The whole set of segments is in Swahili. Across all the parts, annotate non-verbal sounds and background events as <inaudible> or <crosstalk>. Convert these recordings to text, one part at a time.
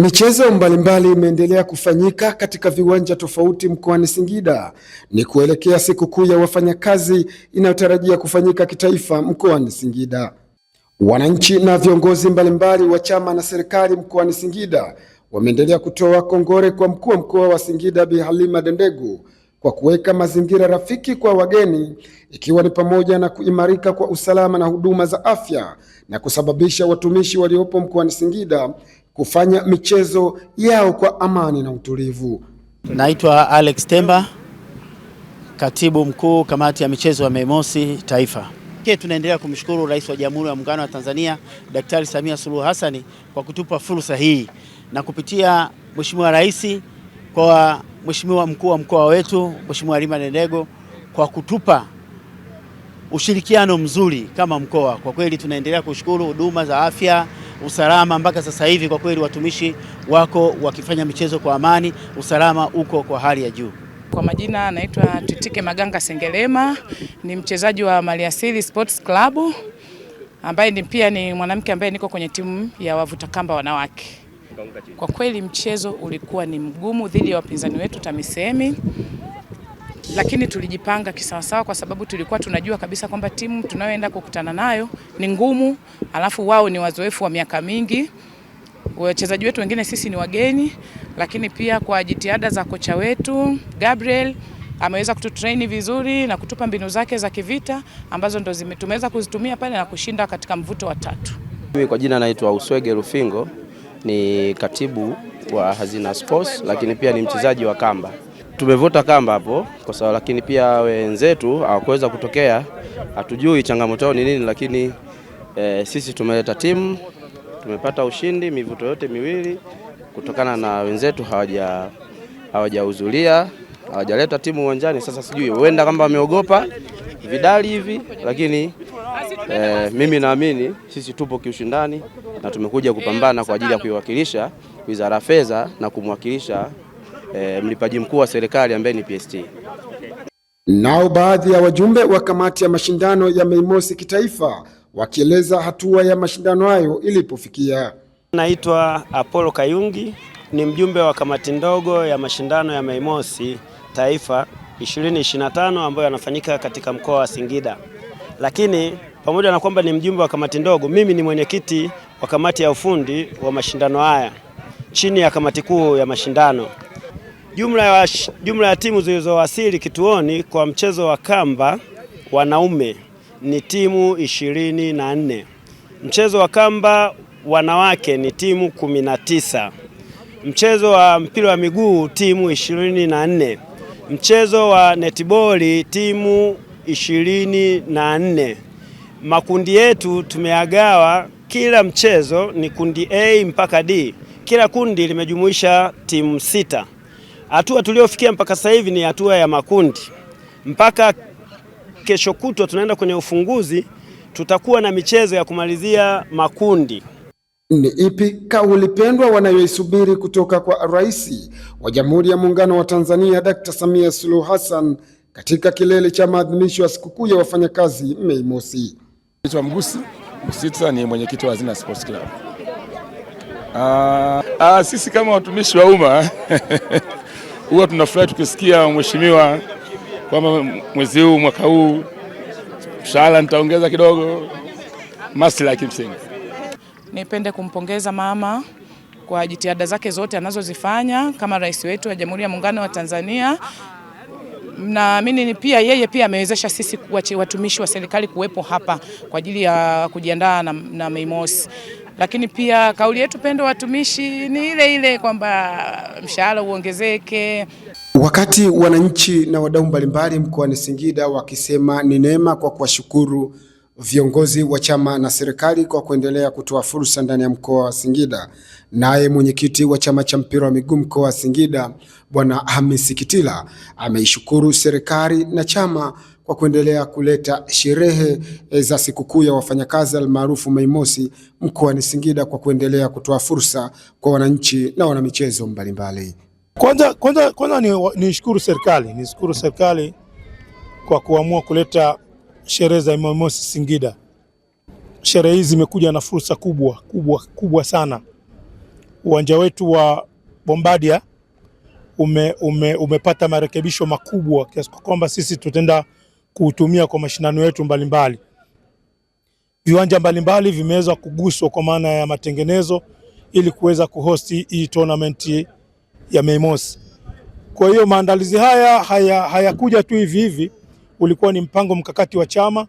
Michezo mbalimbali imeendelea kufanyika katika viwanja tofauti mkoani Singida ni kuelekea sikukuu ya wafanyakazi inayotarajia kufanyika kitaifa mkoani Singida. Wananchi na viongozi mbalimbali wa chama na serikali mkoani Singida wameendelea kutoa kongore kwa mkuu wa mkoa wa Singida Bi Halima Dendegu kwa kuweka mazingira rafiki kwa wageni ikiwa ni pamoja na kuimarika kwa usalama na huduma za afya na kusababisha watumishi waliopo mkoani Singida kufanya michezo yao kwa amani na utulivu. Naitwa Alex Temba, katibu mkuu kamati ya michezo ya Mei Mosi Taifa. Tunaendelea kumshukuru Rais wa Jamhuri ya Muungano wa Tanzania Daktari Samia Suluhu Hassan kwa kutupa fursa hii na kupitia Mheshimiwa Rais kwa Mheshimiwa mkuu wa mkoa wetu Mheshimiwa Halima Dendego kwa kutupa ushirikiano mzuri kama mkoa. Kwa kweli tunaendelea kushukuru huduma za afya usalama mpaka sasa hivi kwa kweli watumishi wako wakifanya michezo kwa amani, usalama uko kwa hali ya juu. Kwa majina anaitwa Titike Maganga Sengelema, ni mchezaji wa Maliasili Sports Club ambaye ni pia ni mwanamke ambaye niko kwenye timu ya wavuta kamba wanawake. Kwa kweli mchezo ulikuwa ni mgumu dhidi ya wapinzani wetu TAMISEMI lakini tulijipanga kisawasawa, kwa sababu tulikuwa tunajua kabisa kwamba timu tunayoenda kukutana nayo ni ngumu, alafu wao ni wazoefu wa miaka mingi, wachezaji wetu wengine sisi ni wageni, lakini pia kwa jitihada za kocha wetu Gabriel ameweza kututraini vizuri na kutupa mbinu zake za kivita ambazo ndo tumeweza kuzitumia pale na kushinda katika mvuto wa tatu. Mimi kwa jina naitwa Uswege Rufingo, ni katibu wa Hazina Sports, lakini pia ni mchezaji wa kamba tumevuta kamba hapo kwa sababu, lakini pia wenzetu hawakuweza kutokea, hatujui changamoto yao ni nini, lakini e, sisi tumeleta timu tumepata ushindi mivuto yote miwili kutokana na wenzetu hawaja hawajahudhuria hawajaleta timu uwanjani. Sasa sijui huenda kama wameogopa vidali hivi, lakini e, mimi naamini sisi tupo kiushindani na tumekuja kupambana kwa ajili ya kuiwakilisha Wizara ya Fedha na kumwakilisha e, mlipaji mkuu wa serikali ambaye ni PST. Nao baadhi ya wajumbe wa kamati ya mashindano ya Mei Mosi kitaifa wakieleza hatua ya mashindano hayo ilipofikia. Naitwa Apollo Kayungi, ni mjumbe wa kamati ndogo ya mashindano ya Mei Mosi taifa 2025 ambayo yanafanyika katika mkoa wa Singida, lakini pamoja na kwamba ni mjumbe wa kamati ndogo, mimi ni mwenyekiti wa kamati ya ufundi wa mashindano haya chini ya kamati kuu ya mashindano. Jumla ya, jumla ya timu zilizowasili kituoni kwa mchezo wa kamba wanaume ni timu ishirini na nne. Mchezo wa kamba wanawake ni timu kumi na tisa. Mchezo wa mpira wa miguu timu ishirini na nne. Mchezo wa netiboli timu ishirini na nne. Makundi yetu tumeagawa, kila mchezo ni kundi A mpaka D. Kila kundi limejumuisha timu sita. Hatua tuliofikia mpaka sasa hivi ni hatua ya makundi. Mpaka kesho kutwa tunaenda kwenye ufunguzi, tutakuwa na michezo ya kumalizia makundi. Ni ipi kauli pendwa wanayoisubiri kutoka kwa Rais wa Jamhuri ya Muungano wa Tanzania Dkt. Samia Suluhu Hassan katika kilele cha maadhimisho ya sikukuu ya wafanyakazi Mei Mosi? Naitwa Mgusi Msita, ni mwenyekiti wa Hazina Sports Club. Aa, ah, aa, ah, sisi kama watumishi wa umma <laughs> huwa tunafurahi tukisikia mheshimiwa kwamba mwezi huu mwaka huu mshahara nitaongeza kidogo, maslahi kimsingi. Nipende kumpongeza mama kwa jitihada zake zote anazozifanya kama rais wetu wa Jamhuri ya Muungano wa Tanzania naamini pia yeye pia amewezesha sisi watumishi wa serikali kuwepo hapa kwa ajili ya kujiandaa na, na Mei Mosi lakini pia kauli yetu pendo watumishi ni ile ile kwamba mshahara uongezeke. Wakati wananchi na wadau mbalimbali mkoani Singida wakisema ni neema kwa kuwashukuru viongozi wa chama na serikali kwa kuendelea kutoa fursa ndani ya mkoa wa Singida. Naye mwenyekiti wa chama cha mpira wa miguu mkoa wa Singida Bwana Hamisi Kitila ameishukuru serikali na chama kwa kuendelea kuleta sherehe e, za sikukuu ya wafanyakazi almaarufu Mei Mosi mkoani Singida kwa kuendelea kutoa fursa kwa wananchi na wanamichezo mbalimbali. Kwanza, kwanza, kwanza nishukuru ni serikali nishukuru serikali kwa kuamua kuleta sherehe za Imamosi Singida. Sherehe hizi zimekuja na fursa kubwa kubwa kubwa sana. Uwanja wetu wa Bombadia ume, ume, umepata marekebisho makubwa kiasi kwamba sisi tutaenda kuutumia kwa mashindano yetu mbalimbali. Viwanja mbalimbali vimeweza kuguswa kwa maana ya matengenezo ili kuweza kuhosti hii tournament ya Mei Mosi. Kwa hiyo maandalizi haya hayakuja haya tu hivi hivi, ulikuwa ni mpango mkakati wa chama,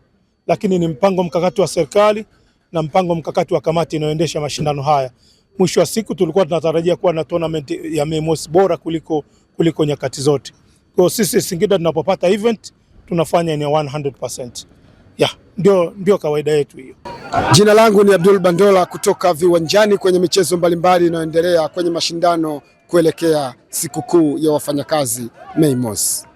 lakini ni mpango mkakati wa serikali na mpango mkakati wa kamati inayoendesha mashindano haya. Mwisho wa siku tulikuwa tunatarajia kuwa na tournament ya Mei Mosi bora kuliko, kuliko nyakati zote. Kwa sisi Singida tunapopata event tunafanya ni 100%. Yeah, ndio, ndio kawaida yetu hiyo. Jina langu ni Abdul Bandola kutoka viwanjani kwenye michezo mbalimbali inayoendelea kwenye mashindano kuelekea sikukuu ya wafanyakazi Mei Mosi.